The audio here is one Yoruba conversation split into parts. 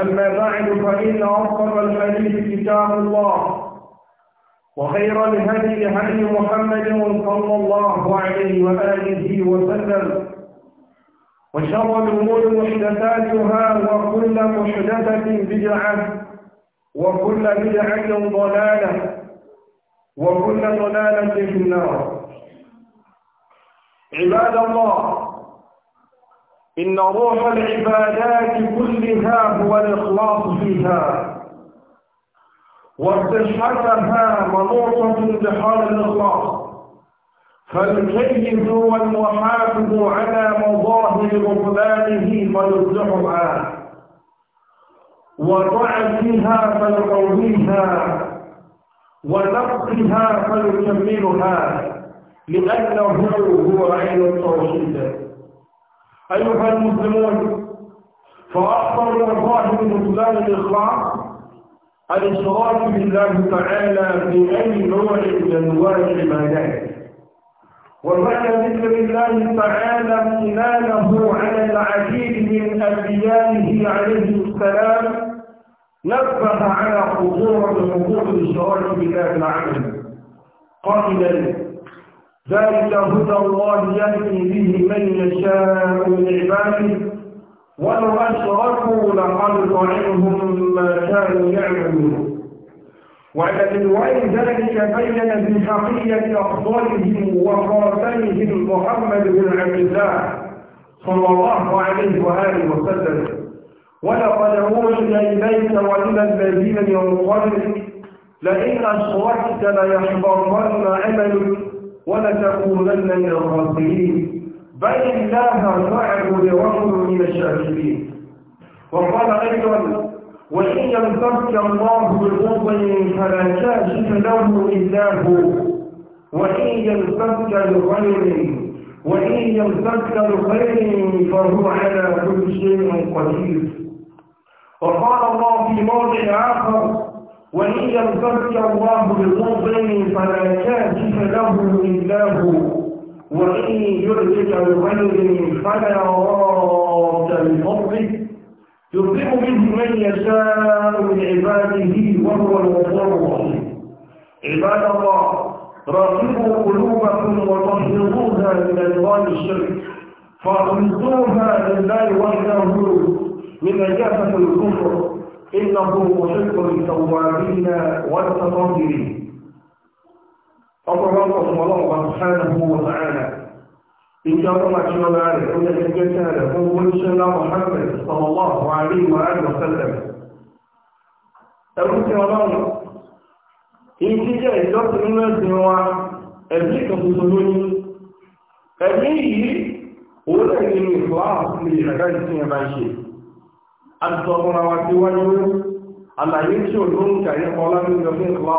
أما بعد فإن أصدق الحديث كتاب الله وخير الهدي هدي محمد صلى الله عليه وآله وسلم وشر الأمور محدثاتها وكل محدثة بدعة وكل بدعة ضلالة وكل ضلالة في النار عباد الله إن روح العبادات كلها هو الإخلاص فيها وصحتها منوطة بحال الإخلاص فالجيد والمحافظ على مظاهر بطلانه فيصلحها فيها فيقويها ونقصها فيكملها لأنه هو عين التوحيد أيها المسلمون فأخطر من بطلان الإخلاص الإشراك بالله تعالى في أي نوع من أنواع العبادات وبعد ذكر الله تعالى امتنانه على العديد من أنبيائه عليه السلام نبه على خطورة حقوق الإشراك بالله العمل قائلا ذلك هدى الله يهدي به من يشاء من عباده ولو أشركوا لخلق عنهم ما كانوا يعملون وعلى الوعي ذلك بين بحقية أفضلهم وخاتمهم محمد بن عبد الله صلى الله عليه وآله وسلم ولقد أوحي إليك وإلى الذين من قبلك لئن أشركت ليحبطن عملك ولتكونن من الغافلين بل الله فاعل برجل من الشاكرين وقال ايضا وان يمسك الله بضر فلا كاشف له الا هو وان يمسك لغير وإن يمسك لخير فهو على كل شيء قدير وقال الله في موضع آخر وإن يمسك الله بضر فلا الله إلا هو وإن يدرك الغير فلا راد لفضله يرزق به من يشاء من عباده وهو الغفور الرحيم عباد الله راقبوا قلوبكم وطهروها من الوان الشرك فاخلصوها لله وحده من نجاسه الكفر انه محب التوابين والتطهرين ọ̀pọ̀lọpọ̀ fún ọlọ́run bá sáàrà fún wọn sáàrà ìjọ ọlọ́mà tí ó láàrẹ̀ ó lè ṣe gẹ́gẹ́ rẹ̀ fún oníṣẹ́ láwọn hamlet sọ̀rọ̀lọ́ àwọn àrí ìwà àjọ sẹ́lẹ̀ ẹ̀rú tí ọlọ́run èyí tí jẹ́ ìjọsìn nínú ẹ̀sìn wa ẹ̀bí kan tuntun lóyún ẹ̀bí yìí òun lè ní ìfọ́ àwọn ìrẹ̀dá ìsìn ẹ̀bá ṣe àti ọkùnrin wa ti wáyé àlàyé tí ò lóǹkà yẹn kọ́ lábẹ́ ìjọsìn ìfọ́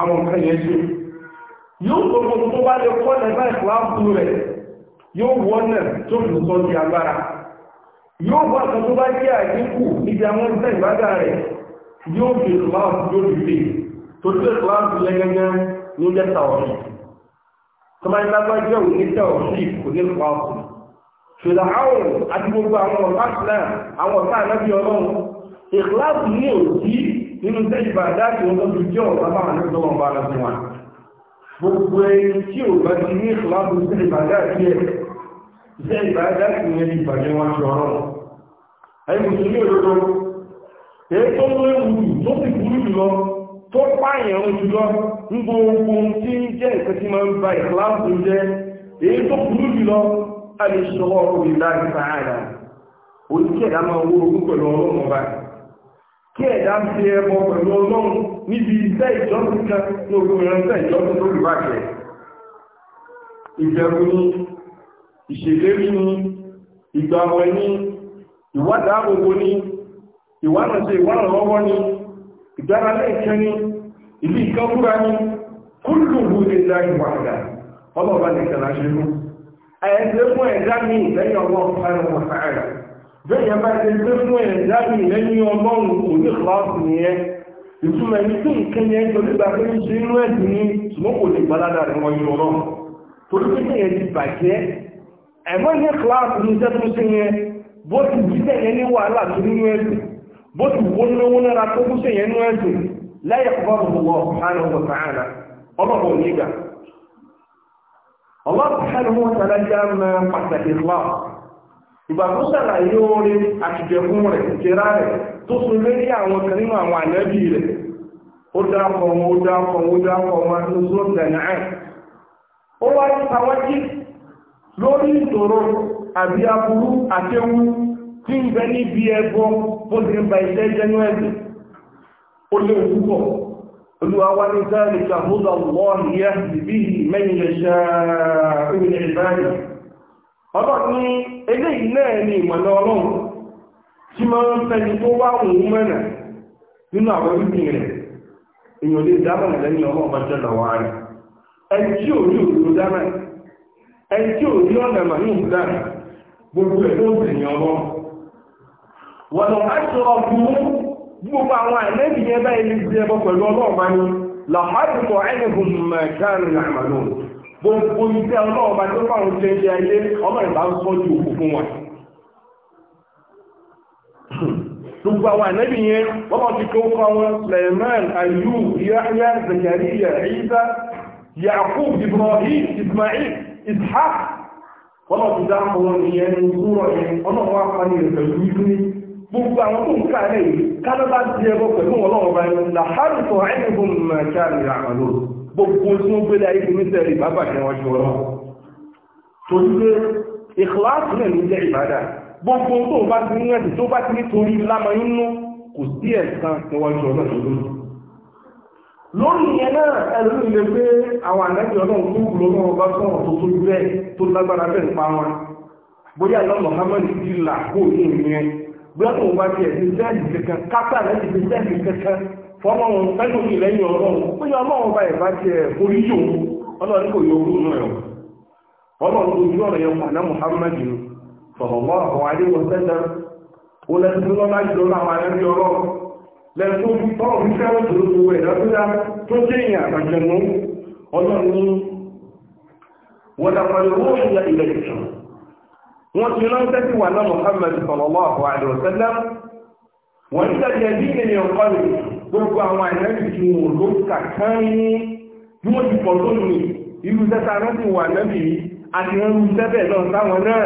àwọn nǹkan yẹn ṣe yóò tó gbogbo tó bá lè kọ́ nẹ̀fà ìsìláàmù rẹ̀ yóò wọ́n nẹ̀ tó fi sọ di agbára yóò wọ́n kan tó bá jẹ́ àdínkù níbi àwọn ìṣẹ́ ìbádà rẹ̀ yóò fi ìsìláàmù yóò fi lè tó tó ìsìláàmù lẹ́gẹ́gẹ́ ló jẹ́ tàwọ̀sì tó bá ní lágbájẹ́ òní tàwọ̀sì kò ní ìsìláàmù ṣùgbọ́n àwọn àti gbogbo àwọn ọ̀tá ìsìláàmù àwọn ọ̀tá ìlẹ́bí ọlọ́run ìsìláàmù ní òjì nínú sẹ́yìn bá dáàtì wọn lọ́dún jẹ́ ọ̀rọ̀ lábáwọn ní ọdún ọba lọ sí wọn gbogbo ẹni tí ò bá ti ní ìfúlábù sẹ́yìn bá dáàtì ẹ̀ sẹ́yìn bá dáàtì yẹn ti bàjẹ́ wọn ti ọ̀rọ̀ ẹ̀yìn mùsùlùmí òdodo èyí tó léwu tó sì burú jùlọ tó pààyàn jùlọ ń gbogbo tí ń jẹ́ ìpẹ́ tí máa ń ba ìfúlábù jẹ́ èyí tó burú jùlọ a lè ṣọwọ́ orí láti sáà kí ẹ̀dá ń fi ẹbọ pẹ̀lú ọlọ́run níbi iṣẹ́ ìjọsìn kan ní orí ìránṣẹ́ ìjọsìn tó rí bàjẹ́ ìbẹ̀rù ni ìṣèlérí ni ìgbàwẹ̀ ni ìwádà gbogbo ni ìwánàṣe ìwánàlọ́wọ́ ni ìgbáralé ìkẹ́ ni ìlú ìkọ́kúra ni kúlùkù ní ìdáyìn wàhálà ọlọ́ọ̀bá nìkan láṣẹ́rú ẹ̀ẹ́dẹ́gbọ́n ẹ̀dá ní ìlẹ́yìn ọlọ́ọ̀fẹ́ bẹ́ẹ̀ bá ṣe pé fún ẹ̀dá mi lẹ́yìn ọlọ́run kò ní ìkọlọ́sì nìyẹn ìtumọ̀ ẹni tó nǹkan yẹn tó nígbà pé ṣe inú ẹ̀sìn ní ṣùgbọ́n kò lè gbalada rẹ̀ wọ́n torí pé bàjẹ́ ẹ̀mọ́ ní ní iṣẹ́ tó ṣe yẹn bó ti wù sí ẹ̀yẹ ní wàhálà tó nínú bó ti wù lówó ìgbàgbọ́ sàlàyé oore àtìjẹ̀kún rẹ̀ ìjẹrà rẹ̀ tó sún lérí àwọn kan nínú àwọn ànábì rẹ̀ ó dákọ̀ wọn ó dákọ̀ wọn ó dákọ̀ wọn ní ọlọ́run ní eléyìí náà ní ìmọ̀lẹ́ ọlọ́run tí máa ń fẹ́ni tó wá òun mẹ́nà nínú àwọn ìpín rẹ̀ èèyàn lè dámọ̀nà lẹ́yìn ọmọ ọmọ jẹ́ lọ́wọ́ rẹ̀ ẹni tí ò rí òdodo dáná ẹni tí ò rí ọ̀nà ní gbogbo ẹ̀ ọmọ gbogbo àwọn gbogbo iṣẹ́ ọlọ́run bá tó fáwọn ilé ayé ọmọ ìbá ń sọ́jú òkú fún wọn gbogbo àwọn ànábì yẹn wọ́n ti kó Ibrahim Ismail Ishaq wọ́n ti ìyẹn yẹn ní gbogbo àwọn tó ń lẹ́yìn ti pẹ̀lú ọlọ́run bá yẹn làhárùtọ̀ gbogbo tí wọ́n gbélé ayé ní sẹ́rì bàbà jẹ́ wọ́n jọ náà tó ní pé ìkìláàsì náà ní jẹ́ ìbádà gbogbo tó bá ti ní ẹ̀sì tó bá ti ní torí lámọ inú kò sí ẹ̀sán ní wọ́n jọ náà lórí lórí ìyẹn náà ẹ̀rọ ilé pé àwọn ànájì ọlọ́run tó wù lọ́nà ọba sọ̀rọ̀ tó tó bẹ́ẹ̀ tó lágbára bẹ́ẹ̀ ń pa wọn bóyá lọ́nà Muhammad ti là kó ní ìyẹn bóyá tó bá ti ẹ̀sìn sẹ́ẹ̀lì kankan kápẹ́ àlẹ́ ti fi sẹ́ẹ̀lì kankan fọ́lọ́run fẹ́lùmí lẹ́yìn ọlọ́run ó yọ ọlọ́run bá ìbá jẹ́ orí ọlọ́run kò yọ orú náà ẹ̀wọ̀n ọlọ́run ojú ọ̀rọ̀ yẹn pàdá muhammadu sọ̀rọ̀mọ́ àwọn adéwọ̀sẹ́sẹ́ ó lẹ́sùn lọ́lá jùlọ láwọn arẹ́bí ọlọ́run lẹ́sùn tọ́rọ̀ wọ́n ti gbogbo àwọn àìlẹ́bì tí wọn ló kàkà ní bí wọ́n ti pọ̀ tó ní irú sẹ́ta náà ti wà lẹ́bì yìí àti wọn rú sẹ́bẹ̀ náà sáwọn náà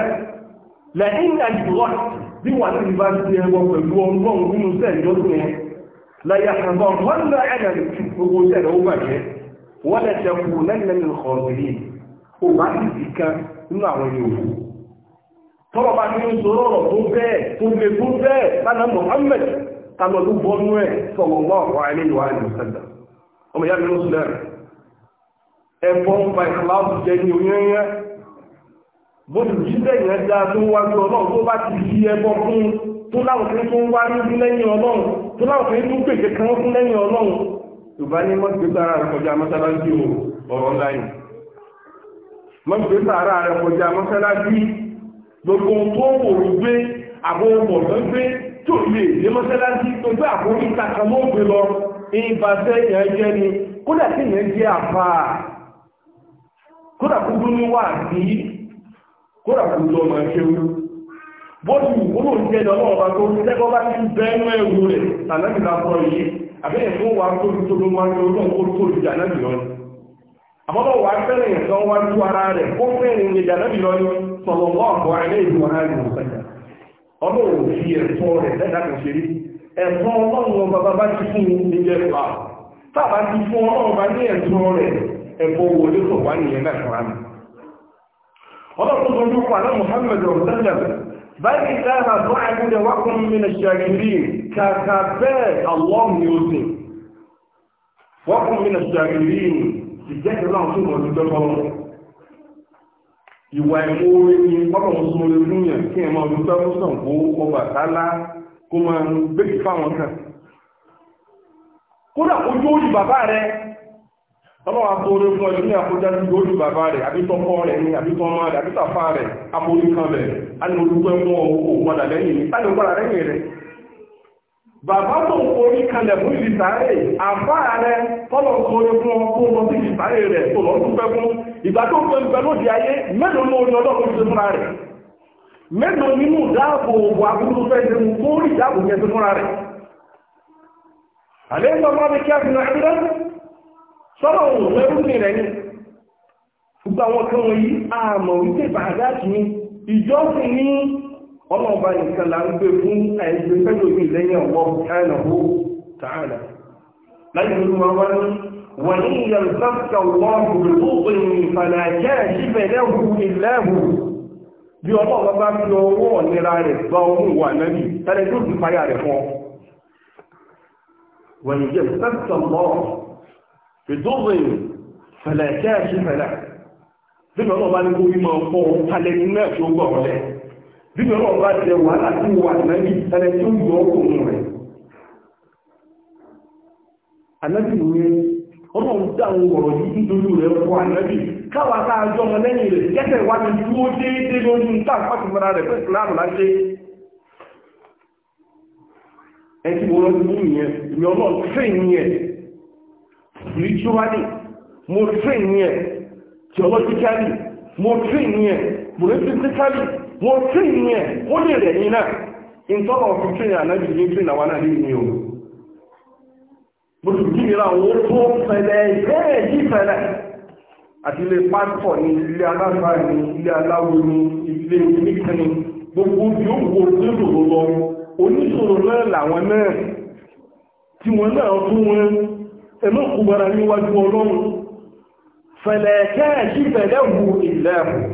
lẹ́yìn àjùwọ́ bí wà ní bá ti ẹwọ pẹ̀lú ọgbọ́n nínú sẹ́ẹ̀jọ́ tó yẹn lẹ́yà àbọ̀ wọ́n lọ ẹ̀dà gbogbo sẹ́ẹ̀dọ̀ ó àwọn ẹni òkú tọ́lọ́ bá ti tó bẹ́ẹ̀ tó le tó bẹ́ẹ̀ lánàá Muhammad kálọ̀ ló bọ́nú ẹ̀ sallallahu alaihi wa sallam ọmọ ìyá mi ló sílẹ̀ ẹ̀fọ́ ń pa ìkàláàbù jẹ́ ní oyẹ́yẹ́ bó ti jíṣẹ́ ìyẹn dá tó wá sí ọlọ́run tó bá ti di ẹbọ fún tó láwọn kìí tó ń wá ní lẹ́yìn ọlọ́run tó láwọn kìí tó pèsè kan fún lẹ́yìn ọlọ́run yorùbá ní mọ́ gbé sára rẹ̀ kọjá mọ́sálásí ọ̀rọ̀ láyìn mọ́ gbé sára rẹ̀ kọjá mọ́sálásí gbogbo tó wò ó gbé àbọ̀ ọ̀pọ̀ gbé tó lè ní mọ́sálásí pẹ̀lú àkórí takamọ́ ògbé lọ ìbàṣẹ́ ìyẹn jẹ́ ni kódà tí ìyẹn jẹ́ àfà kódà kúrú ní wà ní kódà kúrú lọ máa ṣe wú bọ́dù ìwúrò jẹ́ lọ́wọ́ ọba tó ń tẹ́kọ́ bá ti rẹ̀ yìí àbẹ́yẹ̀ tó wà tó tó tó lọ fẹ́rẹ̀ wá ara rẹ̀ fẹ́rẹ̀ ọlọ́run fi ẹ̀tọ́ rẹ̀ lẹ́dà kan ṣe rí ẹ̀tọ́ ọlọ́run ọba bàbá ti fún ní jẹ́fà tàbá ti fún ọlọ́run ọba ní ẹ̀tọ́ rẹ̀ ẹ̀bọ̀ wo ló sọ nìyẹn náà kan ọlọ́run tó báyìí mi kàkà ìwà ìmúorí ni bọ́lọ̀mù sóore fúnyàn kí ẹ máa dúpẹ́ fún Ṣàngó Ọbàtálá kó máa ń gbèsè fáwọn kan kódà ojú ó bàbá rẹ ọlọ́wà sóore fún ọdún ní àkójá sí ojú bàbá rẹ àbí tọkọ rẹ ní àbí tọmọ rẹ rẹ lẹ́yìn bàbá tó ń forí kalẹ̀ mú ìlìsàárè àfáà rẹ̀ tọ́lọ̀ sórí fún ọmọ kó lọ sí ìlìsàárè rẹ̀ tó lọ dúpẹ́ fún ìgbà tó ń pẹ́ lóde ayé mélòó lórí ọlọ́run ti fúnra rẹ̀ mélòó nínú dáàbò òbò aburú fẹ́ ṣe mú kó rí ìdáàbò yẹn ti fúnra rẹ̀ àlẹ́ ìgbà máa fi kí a fi náà ẹgbẹ́ sọ́lọ̀ òun lẹ́rú ní rẹ̀ ní gbogbo àwọn kan wọ̀nyí àmọ̀ wípé bàdá ọlọ́ọ̀bá nìkan là ń gbé fún ẹgbẹ́ pẹ́lúmí lẹ́yìn ọ̀pọ̀ ẹ̀nàwó tààlà láti ní wọn wá ní wọ́n ní ìyàlùfáàkà wọ́n gbogbo ìfàlà jẹ́ síbẹ̀ lẹ́hù ìlẹ́hù bí ọlọ́ọ̀bá bá fi ọwọ́ ọ̀nira rẹ̀ gba ohun wà lẹ́bí tẹ́lẹ̀ tó ti fáyà rẹ̀ fún wọ́n ní ìyàlùfáàkà wọ́n gbogbo kó mímọ̀ ọkọ̀ ọ̀hún kalẹ̀ nínú ẹ̀ tó gbọ̀ ọ̀lẹ́ bí ọlọ́run bá jẹ wàhálà tí wà náàbí ẹni tí ó yọ ọkùnrin rẹ̀ anábì ní ọlọ́run dáhùn ọ̀rọ̀ yìí nítorí rẹ̀ fún anábì káwà sáájọ́ ọmọ lẹ́yìn rẹ̀ kẹ́sẹ̀ wá ní tí déédé lójú ń tà mọ́ra rẹ̀ wọ́n tí onye ó lè rẹ̀ ní náà ìtọ́lọ̀ fi tí ìyẹn ní tí náà ní o bóṣù kí ìrà wọ́n tó fẹ̀lẹ̀ ìfẹ́rẹ̀ yí fẹ̀lẹ̀ àti ilé pásọ̀ ní ilé alágbà ní ilé aláwo ní ilé gbogbo bí ó wo tí wọ́n wọn fẹ̀lẹ̀ fẹ̀lẹ̀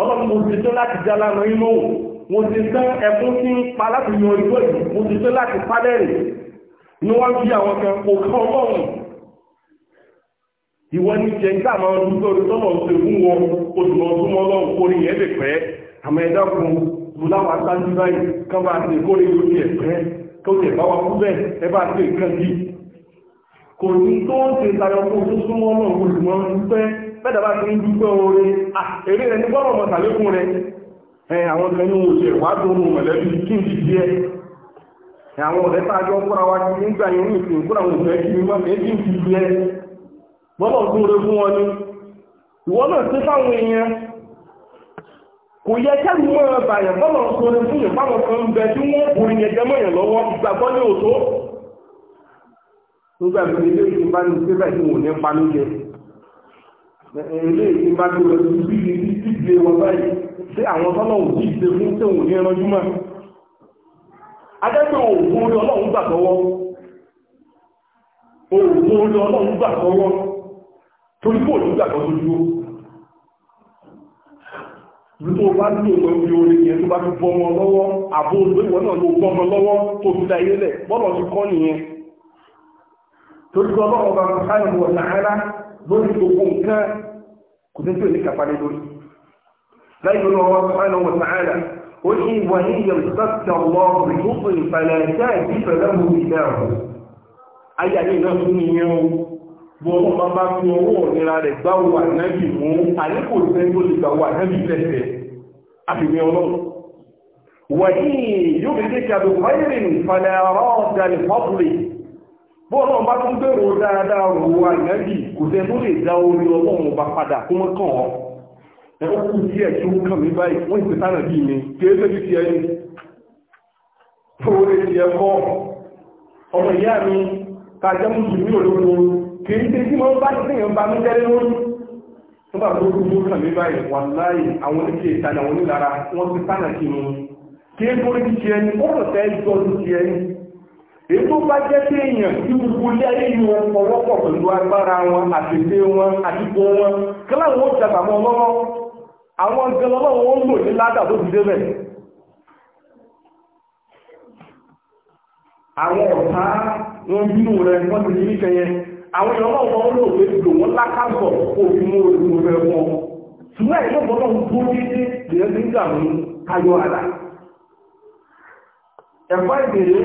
ọlọ́run mo ti tó láti já lánà inú mo ti tán ẹkún tí ń pa láti yan ìgbó yìí mo ti tó láti pálẹ̀rì ní wọ́n fi àwọn kan kò kọ́ ọlọ́run ìwọ ní jẹ nígbà máa ń dúró lórí tọ́lọ̀ ń ṣe fún wọn oṣù mọ́ fún ọlọ́run kórè yẹn lè pẹ́ àmọ́ ẹ̀dá kun bùláwà sáájú báyìí kán bá ti kórè lórí ẹ̀ tó lè bá wa kú bẹ́ẹ̀ ẹ bá ti nǹkan yìí kò ní tó ń ṣe tayọ fún oṣù súnmọ́ náà olùmọ̀ ń pẹ́ bẹ́ẹ̀dàbá ti ń dúpẹ́ oore èrè rẹ̀ ní gbọ́nà mọ̀sàlékún rẹ̀ àwọn tẹni oṣù ìwádùn ohun mọ̀lẹ́bí kí n ti jẹ́ àwọn ọ̀rẹ́ tààjọ fúnra wa ti nígbà yẹn ní ìsìn fúnra òun fẹ́ kí wọ́n fẹ́ kí n ti jẹ́ bọ́bọ̀ tó rẹ fún wọn ni ìwọ náà sí fáwọn èèyàn kò yẹ kẹ́lù mọ́ ẹ bàyàn bọ́bọ̀ tó rẹ fún yẹn fáwọn kan ń bẹ tí wọ́n kò yẹ jẹ́ mọ́yàn lọ́wọ́ ìgbàgbọ́ ní òtó nígbà tó lè lè fi bá ní síbẹ̀ tí ilé ìgbà tó lọ sí bí ibi ìdíje wọn báyìí sí àwọn tọ́nà òjì ìdè fún tí òun ní ẹranjú mọ́ adẹ́gbẹ̀ òògùn orí ọlọ́run gbà tọwọ́ òògùn orí ọlọ́run gbà tọwọ́ torí kò ní gbàgbọ́ tó dúró bí tó bá ní òun ẹbí orin yẹn tó bá fi bọ́ ọmọ lọ́wọ́ àbó olóòwò náà ló bọ́ ọmọ lọ́wọ́ tó fi da ilẹ̀ bọ́lọ̀ ti kọ́ nìyẹn torí kọ́ ọlọ́run bá fi káyọ̀ wọ̀ lórí gbogbo nǹkan kò ní tó ní kàfà lé lórí láì lórí ọwọ́ sọ́hánà wọ̀ sàánà ó ní wà ní ìyẹn sọ́tà lọ rìkúkú ìfàlẹ̀ ẹ̀já ìdí pẹ̀lú mú ìdá ọ̀hún ayé ayé náà tún nìyẹn o bọ́ ọmọ bá bá fi owó òmìnira rẹ̀ gbá fàlẹ̀ ọ̀rọ̀ ọ̀dà ní bọ́ọ̀lọ́ bá tún gbèrò dáadáa rò wà ìrẹ́bì kò tẹ́ tó lè dá orí ọlọ́run bá padà kó mọ́ kàn ọ́ ẹ ó kú díẹ̀ tí ó kàn mí báyìí wọ́n ìpè sánà bíi mi kéré lójú ti ẹni tó lè ti ẹkọ ọmọ ìyá mi ká jẹ́ mùsùlùmí olóko kìí ṣe tí wọ́n bá ti yàn bá mi jẹ́ lórí nígbà tó kú tó kàn mí báyìí wà láì àwọn oníṣẹ́ ìtajà wọn nílara wọ́n ti sánà kí mi kéré lójú ti ẹni ti ẹni ètò bá jẹ́ pé èèyàn tí gbogbo ilé ayé yìí wọn ọwọ́pọ̀ pẹ̀lú agbára wọn àtẹ̀tẹ̀ wọn àdúgbò wọn kíláwọn ó jàgbà lọ́wọ́ àwọn wọn lò ní ládà tó ti débẹ̀ àwọn ọ̀tá wọn bínú rẹ wọ́n ti ní kẹyẹ àwọn ìrọ̀lọ́ wọn ń lò pé lò wọ́n lákàtọ̀ òfin mú rẹ wọn ṣùgbọ́n ẹ̀yọ́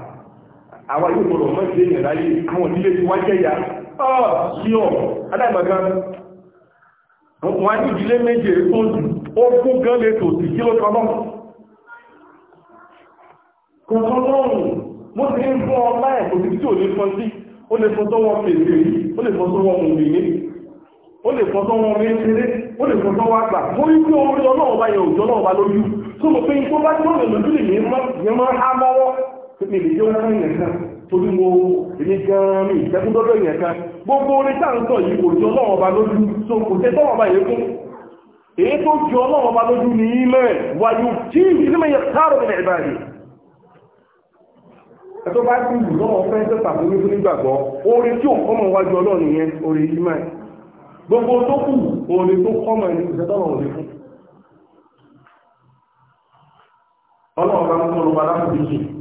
àwa yóò gbọ́dọ̀ mọ́ ìdílé yẹn láyé àwọn ìdílé tí wọ́n jẹ́ ya ọ́ sí ọ̀ adáìmọ̀gá wọ́n ní ìdílé méje tó jù ó kún gan lè tò sí kí ló tọ́ náà kò tọ́ lọ́rùn mo ti ń fún ọlá ẹ̀ kò sí tí ò lè fọ́n sí ó lè fọ́n tó wọn fèsì rí ó lè fọ́n tó wọn mùmí ní ó lè fọ́n tó wọn méjìlé ó lè fọ́n tó wọn àgbà mo rí pé orí ọlọ́ọ̀bá yẹn òjò ọlọ́ọ̀bá lójú tó wọ́n mi lè jẹ́ wọ́n yẹn kan torí mo èmi gan-an mi ìtẹ́kùn dọ́dọ̀ yẹn kan gbogbo orin tá à ń sọ yìí kò jọ ọlọ́wọ́ ọba lójú so kò tẹ́ tọ́wọ́ ọba yẹn fún èyí tó jọ ọlọ́wọ́ ọba lójú ní ilẹ̀ wàyù tí ìdílé yẹn sáàrọ̀ ní ẹ̀bá yìí ẹ̀tọ́ bá ti wù lọ́wọ́ fẹ́ tẹ́ tàbí ní fún ìgbàgbọ́ orin tí ò kọ́mọ wájú ọlọ́run yẹn orin yìí mẹ́ gbogbo tó kù orin tó kọ́mọ ẹni kò tẹ́ tọ́wọ́ ọba fún ọlọ́wọ́ ọba ń tọrọ ọba láti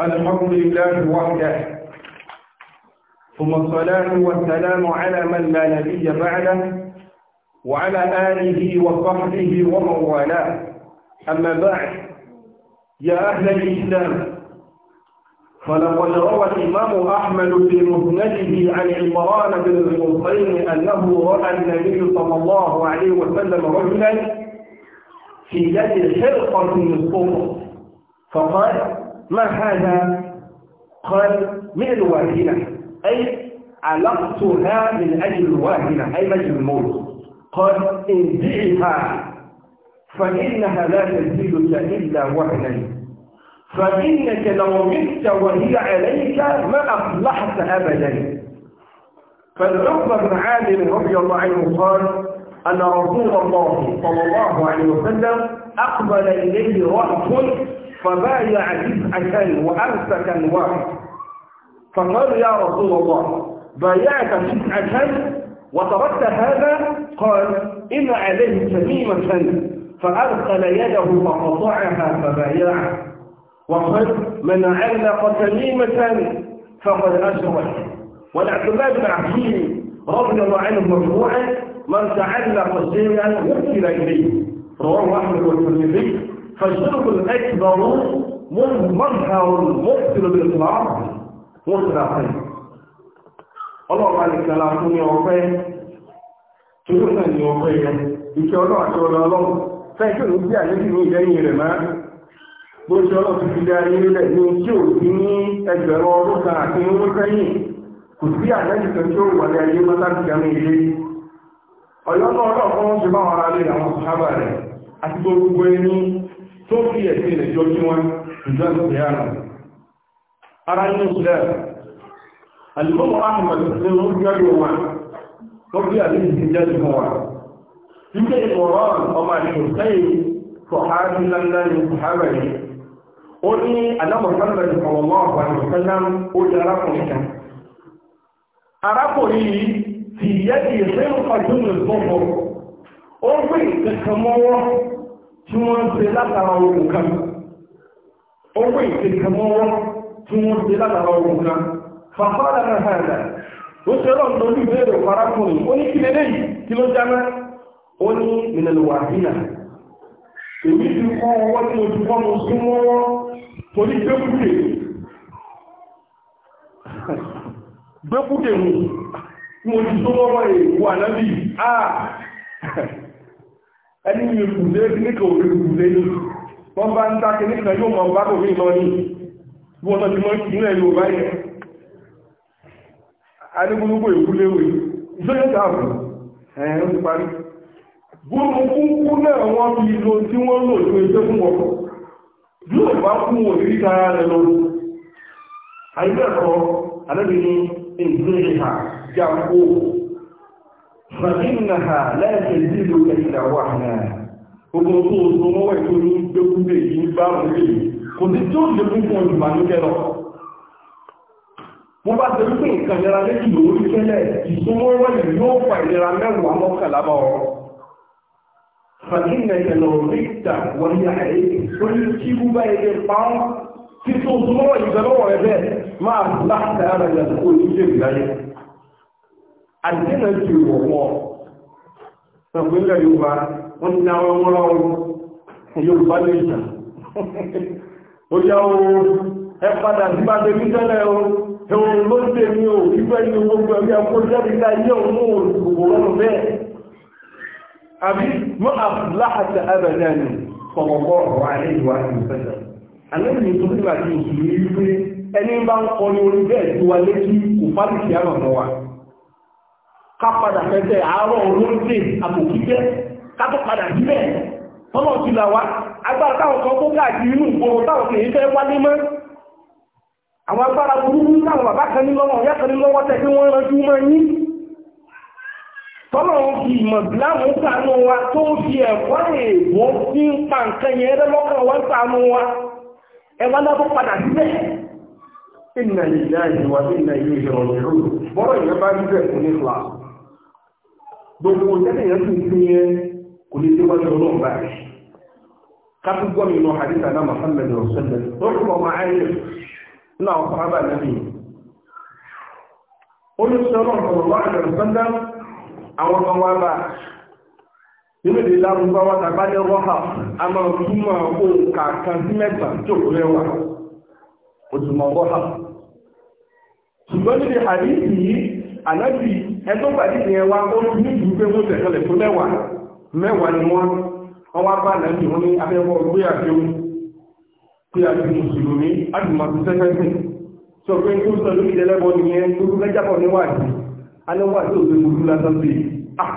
الحمد لله وحده ثم الصلاة والسلام على من لا نبي بعده وعلى آله وصحبه ومن والاه أما بعد يا أهل الإسلام فلقد روى الإمام أحمد في مسنده عن عمران بن الحصين أنه رأى النبي صلى الله عليه وسلم رجلا في يد حرقة من الصبر فقال ما هذا قال من الواهنة أي علقتها من أجل الواهنة أي من أجل الموت قال انزعها فإنها لا تزيدك إلا وهنا فإنك لو مت وهي عليك ما أصلحت أبدا فالعقبة بن عامر رضي الله عنه قال أن رسول الله صلى الله عليه وسلم أقبل إليه رأس فبايع جزءا وأمسكا واحد فقال يا رسول الله بايعت جزءا وتركت هذا قال إن عليه تميمة فأرسل يده فقطعها فبايعه وقال من علق تميمة فقد أشرك والاعتماد العقيم رضي الله عنه مرفوعا من تعلق شيئا وكل إليه رواه أحمد والترمذي فالشرك الأكبر مظهر مبطل بالإطلاق مطلقا ọlọ́run alìkàlà fún ní ọ̀fẹ́ tó tó náà ní ọ̀fẹ́ yẹn ìkẹ́ ọlọ́ àti ọlọ́ ọlọ́run fẹ́ bó ṣe ti fi dá ayé ní tí ní ọdún kan àti kò sí tí ó wà ní ayé ilé ọ̀yọ́ náà bá wọn tó fi ẹ̀sìn rẹ̀ jọ kí wọ́n ìjọ ìpè àrùn ara inú sílẹ̀ alimọ́mọ́ ahmed ní ló ń gbẹ́rù wọn tó fi àdéhùn ti jẹ́ ìmọ̀ wọn wípé ìmọ̀ràn ọmọ àdéhùn sẹ́yìn fọ̀hárì ńláńlá ní fọ̀hárì yìí ó ní alámọ̀sánlẹ̀ ìfọ̀wọ̀mọ́ àgbàlùsánlá arákùnrin kan arákùnrin yìí ti yẹ́ ti ìṣẹ́ ń fàjúmọ̀ ìfọ̀fọ̀ ó gbé ìtẹ̀kẹ̀mọ́wọ́ tí wọ́n ń ṣe látara ogun kan owó ìtẹ̀kẹ̀mọ́wọ́ tí wọ́n ṣe látara ogun kan fàfàdà náà hàdà ó ṣe rọ̀ lórí ìbéèrè farakùnrin ó ní kílẹ̀ lẹ́yìn kí ló jáná ó ní ìnàlùwà hínà èmi ti kọ́ ọwọ́ tí mo ti kọ́ mo sún torí ẹni yìí kùdé níkà òwe kùdé ní wọ́n bá ń dákẹ́ níkà yóò mọ̀ bá kò rí lọ ní wọ́n náà ti mọ́ ìpínlẹ̀ Yorùbá yẹn adigunlugbo ìkúlé wèé ìjọ́jọ́ tààbù ẹ̀yẹn ń parí gbogbo náà wọ́n fi lo tí wọ́n lò tó ẹgbẹ́ fún ọkọ̀ yóò bá fún òṣìṣẹ́ tara rẹ̀ lọ àìbẹ̀kọ́ alẹ́bìnrin ìgbéyà jáfó فإنها لا تزيد إلا وحنا ogun tó oṣù mọ́ wẹ̀ tó ní gbẹ́gbẹ́ yìí bá rẹ̀ lè kò sí tí ó lè fún fún ìgbà ní kẹ́lọ wọ́n bá tẹ̀lú pé nǹkan ìlera méjì ló rí kẹ́lẹ̀ ìsúnmọ́ wẹ̀lẹ̀ yóò fa ìlera mẹ́wàá mọ́kànlá bá ọ fàkínà ìkẹlẹ̀ òríta wọ́n yà ẹ̀ ó ní kí bú bá ẹgbẹ́ pàún tí tó oṣù mọ́ wẹ̀ ìgbẹ́lọ́wọ̀ rẹ̀ bẹ́ẹ̀ máa láti ara ìyàtọ̀ òṣìṣẹ́ ìgbáyé àdínà ti wọ̀ wọ́ ìpínlẹ̀ yorùbá wọ́n ti náà wọ́n rọrùn yorùbá lè jà ó yá o ẹ padà sí bá tẹ́lú tẹ́lẹ̀ o ẹ̀wọ̀n ló ń tẹ́ ní o ìgbẹ́ ní gbogbo ẹ̀mí akójẹ́bí ká yẹ òun òòrùn òòrùn bẹ́ẹ̀ àbí mọ́ àfúláhàtà abẹ́dẹ́ ni kọ̀kọ̀kọ̀ ọ̀rọ̀ alẹ́ ìwà ìfẹ́sẹ̀ alẹ́bìnrin tó nígbà tí òṣèlú yìí pé ẹni bá ń kọ ní orí bẹ́ẹ̀ tí wa létí kò fálìkì àmọ̀ wa ká padà fẹ́fẹ́ àárọ̀ olóńtè àbòkíjẹ́ ká tó padà síbẹ̀ tọ́nà ti là wá agbára táwọn kan tó káàkiri inú ìgboro táwọn kìí fẹ́ wálé mọ́ àwọn agbára burúkú táwọn bàbá kan ní lọ́wọ́ kan ní tẹ́ kí wọ́n ránjú mọ́ yín tọ́lọ̀ fi ìmọ̀ láàmú sànú wa tó fi ẹ̀kọ́ èèwọ̀ sí wà ní ìnà ìlú ìṣẹ̀rọ̀ bọ́rọ̀ ìyẹn bá rí fún ní class gbogbo ìjẹ́lẹ̀ tún fi yẹn kò lè déwájú ọlọ́run báyìí kápú gbọ́mí inú náà Muhammad ọ̀sẹ̀lẹ̀ tó ń ayé nínú àwọn sábà lẹ́bí sọ́dá àwọn bá nínú tàbá rọ́hà a máa túmọ̀ ohun kàkan sí mẹ́ta tí ò wà rọ́hà ṣùgbọ́n níbi yìí ànábì ẹgbẹ́ pàdé yẹn wá ó ní ìlú pé wọ́n tẹ̀sẹ̀lẹ̀ fún mẹ́wàá mẹ́wàá ni wọ́n wọ́n wá bá nàìjíríà wọn ní abẹ́wọ́ gbé àdéhùn pé àti mùsùlùmí àdùmọ̀tò sẹ́fẹ́sìn sọ pé kí ó sọ lórí ìdẹ́lẹ́bọ nìyẹn gbogbo mẹ́jàpọ̀ níwájú alẹ́wàjú òṣèlú gbogbo lásán sí ah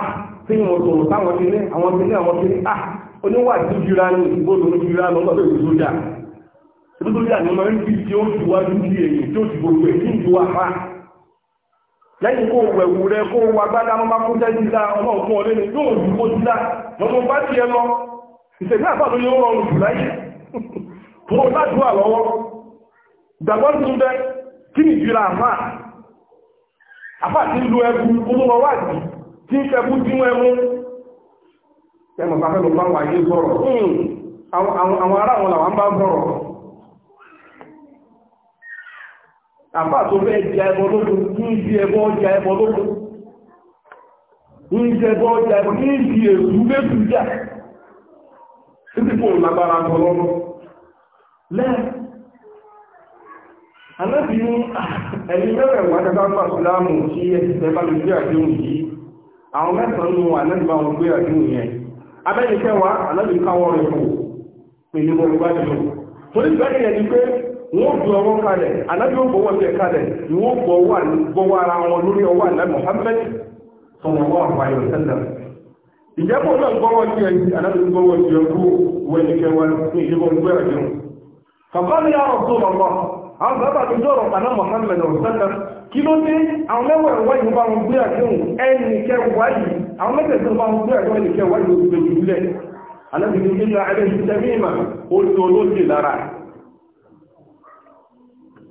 ah tí wọ́n sọ̀rọ̀ táwọn ti ní àwọn ti ní àwọn ti ní ah oníwàjú jura ní ìgbóòdò ní jura lọ́gbọ́ tó ìlú sójà ìlú sójà ni wọ́n ń fi tí ó ti wájú sí èyí tí ó ti gbogbo èyí ń ju apá lẹ́yìn kó wù rẹ kó wà gbádá mọ́ bá kún tẹ́jú dá ọlọ́run fún ọlẹ́ni yóò dị kó ti dá lọ́mọ bá ẹ lọ ìṣẹ̀lẹ̀ àpá tó yóò rọrùn jù láyé tó o bá dùn ìgbàgbọ́ ń bẹ kí ni àfà àfà ti tí ń ẹmọ̀ bá fẹ́ lọ bá wà yé sọ̀rọ̀ hmm. àwọn ará wọn làwọn bá sọ̀rọ̀ àbá tó fẹ́ jẹ ẹbọ lókun kí ń fi ẹbọ ọjà ẹbọ lókun kí ń fi ẹbọ ọjà ẹbọ kí ń fi èsù méjì jà títí kò lágbára kan lọ́nà lẹ́ẹ̀ alábi ní ẹni mẹ́rẹ̀ wà tẹ́ta ń pàṣẹ láàmù sí ẹ̀sẹ̀ bá mi gbé àdéhùn yìí àwọn mẹ́sàn-án nù alábi bá wọn gbé àdéhùn yẹn abẹ́nikẹ́wàá alábi káwọ́ rẹ̀ kù pẹ̀lú ọgbà jù torí bẹ́ẹ̀ ni pé wọ́n bu ọwọ́ kalẹ̀ anábí ó gbọ́wọ́ tẹ̀ kalẹ̀ ìwọ́n gbọ́wọ́ ara wọn lórí ọwọ́ alẹ́ Muhammad sọ̀rọ̀wọ́ àpàyọ̀ sẹ́lẹ̀ ìjẹ́pọ̀ náà gbọ́wọ́ tí ẹ̀ anábí gbọ́wọ́ tí ẹ̀ kú wẹ́nikẹ́wà ní ìjẹ́bọ̀ gbé ẹ̀jẹ̀ fàkọ́lẹ̀ yà àwọn bàbá mi dọ̀rọ̀ kaná kí ló dé àwọn mẹ́wàá bá wọn gbé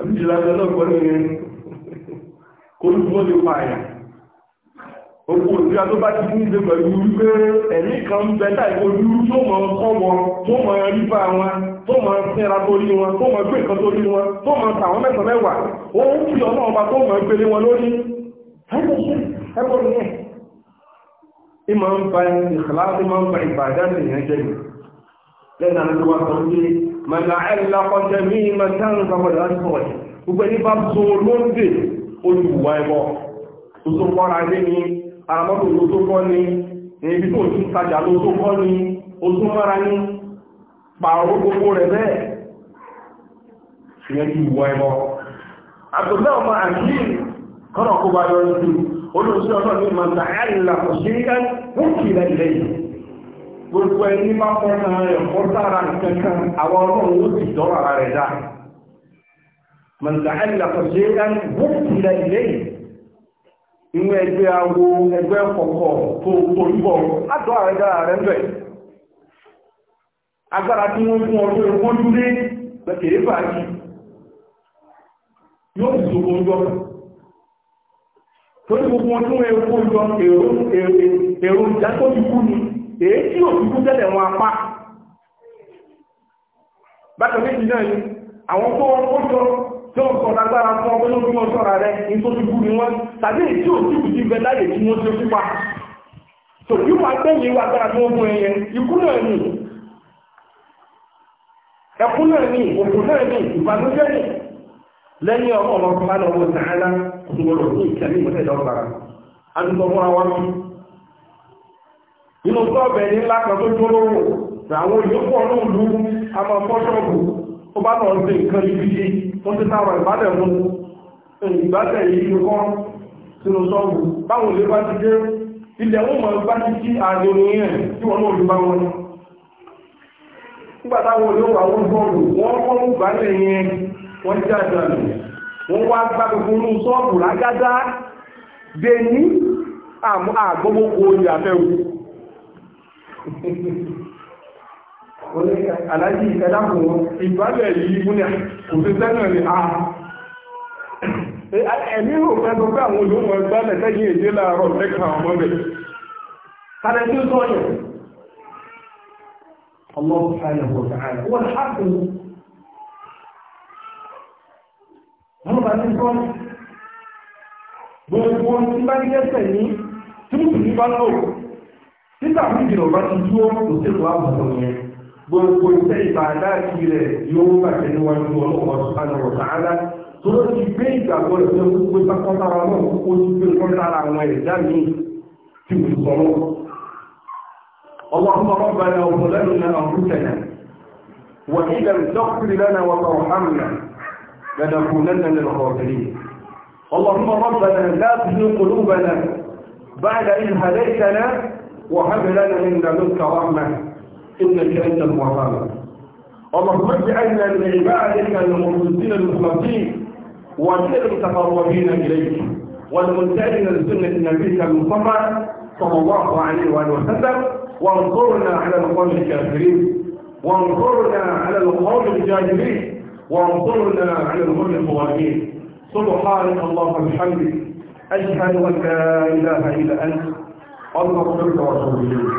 àbíjìlá tó náà gbọ́nà ní olùgbọ́n lè pa àyà ogun òsíra tó bá ti ní ìṣe pẹ̀lú wípé ẹ̀mí kan ń bẹ láì ojú tó mọ̀ ọkọ̀ wọn tó mọ̀ rípa wọn tó mọ̀ fẹ́ra tó rí wọn tó mọ̀ gbé nǹkan tó rí wọn tó mọ̀ tàwọn mẹ́sàn mẹ́wàá ó ń fi ọmọ ọba tó mọ̀ gbélé mọ̀nà àìlàkọjẹ mí ma dáhùn sọ́kọ̀dọ̀ láti sọ̀rọ̀ yìí gbogbo ẹni bá so lóńdè olùwà ẹ̀bọ̀ tó tó kọ́ ra ilé ni aramọ́tò ló tó kọ́ ni ibi tó ti ń tajà ló tó kọ́ gbogbo ẹni máa fẹ́ràn rẹ̀ fún sára kankan àwọn ọlọ́run ó sì dọ́rọ̀ ara rẹ̀ dá mọ̀tà ẹ̀lẹ́kọ̀ ṣe é ń bó tilẹ̀ ilé inú ẹgbẹ́ awo ẹgbẹ́ kọ̀kọ̀ tó orúbọ̀ adọ́ ara dára rẹ̀ bẹ̀ agbára tí wọ́n fún ọdún epo dúdé lẹ́kẹ̀ẹ́ bàájì yóò sì kó jọ torí gbogbo ọdún epo jọ èrò tó ti kú ni èyí tí òkúkú tẹ́lẹ̀ wọn apá bákan méjì náà ni àwọn tó wọn kó jọ tó ń sọ lágbára fún ọgbẹ́ ló bímọ sọ́ra rẹ ní tó ti kú ni wọ́n tàbí èyí tí ti bẹ láyè tí wọ́n ti kú pa tòbí wọn agbẹ́yìn wa gbára tó ń fún ẹyẹ ikú náà ni ẹkún náà ni òkú náà ni ìbànújẹ́ ni lẹ́yìn ọmọ ọmọ ọmọ ọmọ ọmọ nínú sọ́ọ̀bẹ̀ ní ńlá kan tó jó lówó àwọn ìyókù ọ̀nà òlú àmọ́ fọ́ṣọ́ọ̀bù ó bá lọ sí nǹkan ibi yìí tó ti táwọn ìbádẹ̀ mú ìgbádẹ̀ yìí kọ́ sínú sọ́ọ̀bù báwọn olè bá ti dé ilẹ̀ wọn mọ̀ bá ti kí ààrẹ orin ẹ̀ tí wọn náà lù bá wọn nígbà táwọn olè wà wọn bọ́ọ̀lù wọn wọ́n mú bàálẹ̀ yẹn wọ́n jáde àmì wọ́n wá gbá gbogbo inú sọ́ọ̀bù lágádá aláàjì ẹ̀dàkùn ìgbálẹ̀ yìí múlẹ̀ kò sí sẹ́nà rẹ̀ a ẹ̀mí ò fẹ́ tó pé àwọn olóòwò ẹgbẹ́lẹ̀ tẹ́yìn èdè láàárọ̀ lẹ́kàn ọmọ rẹ̀ kálẹ̀ tí ó sọ́yẹ̀ الله سبحانه وتعالى هو الحق wọ́n bá ní kọ́ gbogbo tí bá ní ẹsẹ̀ ní nígbà tí ìjìnà bá ti dúró kò sí ìlú àbùkù yẹn gbogbo iṣẹ́ ìbàdá àti rẹ̀ yóò bàjẹ́ níwájú ọlọ́wọ́ sùpánà wọ̀tàálá tó ló ti gbé ìgbàgbọ́ rẹ̀ fẹ́ gbogbo sákọ́sára náà ó ti gbé kọ́sára àwọn ẹ̀dá mi ti wù sọ́rọ́ اللهم ربنا وظلمنا أنفسنا وإن لم تغفر لنا وترحمنا لنكونن من الخاسرين اللهم ربنا لا تزغ قلوبنا بعد إذ هديتنا وهب لنا من لدنك رحمة إنك أنت الوهاب اللهم اجعلنا من عبادك المخلصين المخلصين وسير المتقربين إليك والمنتهين لسنة نبيك المصطفى صلى الله عليه وآله وسلم وانصرنا على القوم الكافرين وانصرنا على القوم الجاهلين وانصرنا على الغر الخواجين سبحانك اللهم وبحمدك أشهد أن لا إله إلا أنت ọlọ́run ló lọ sórí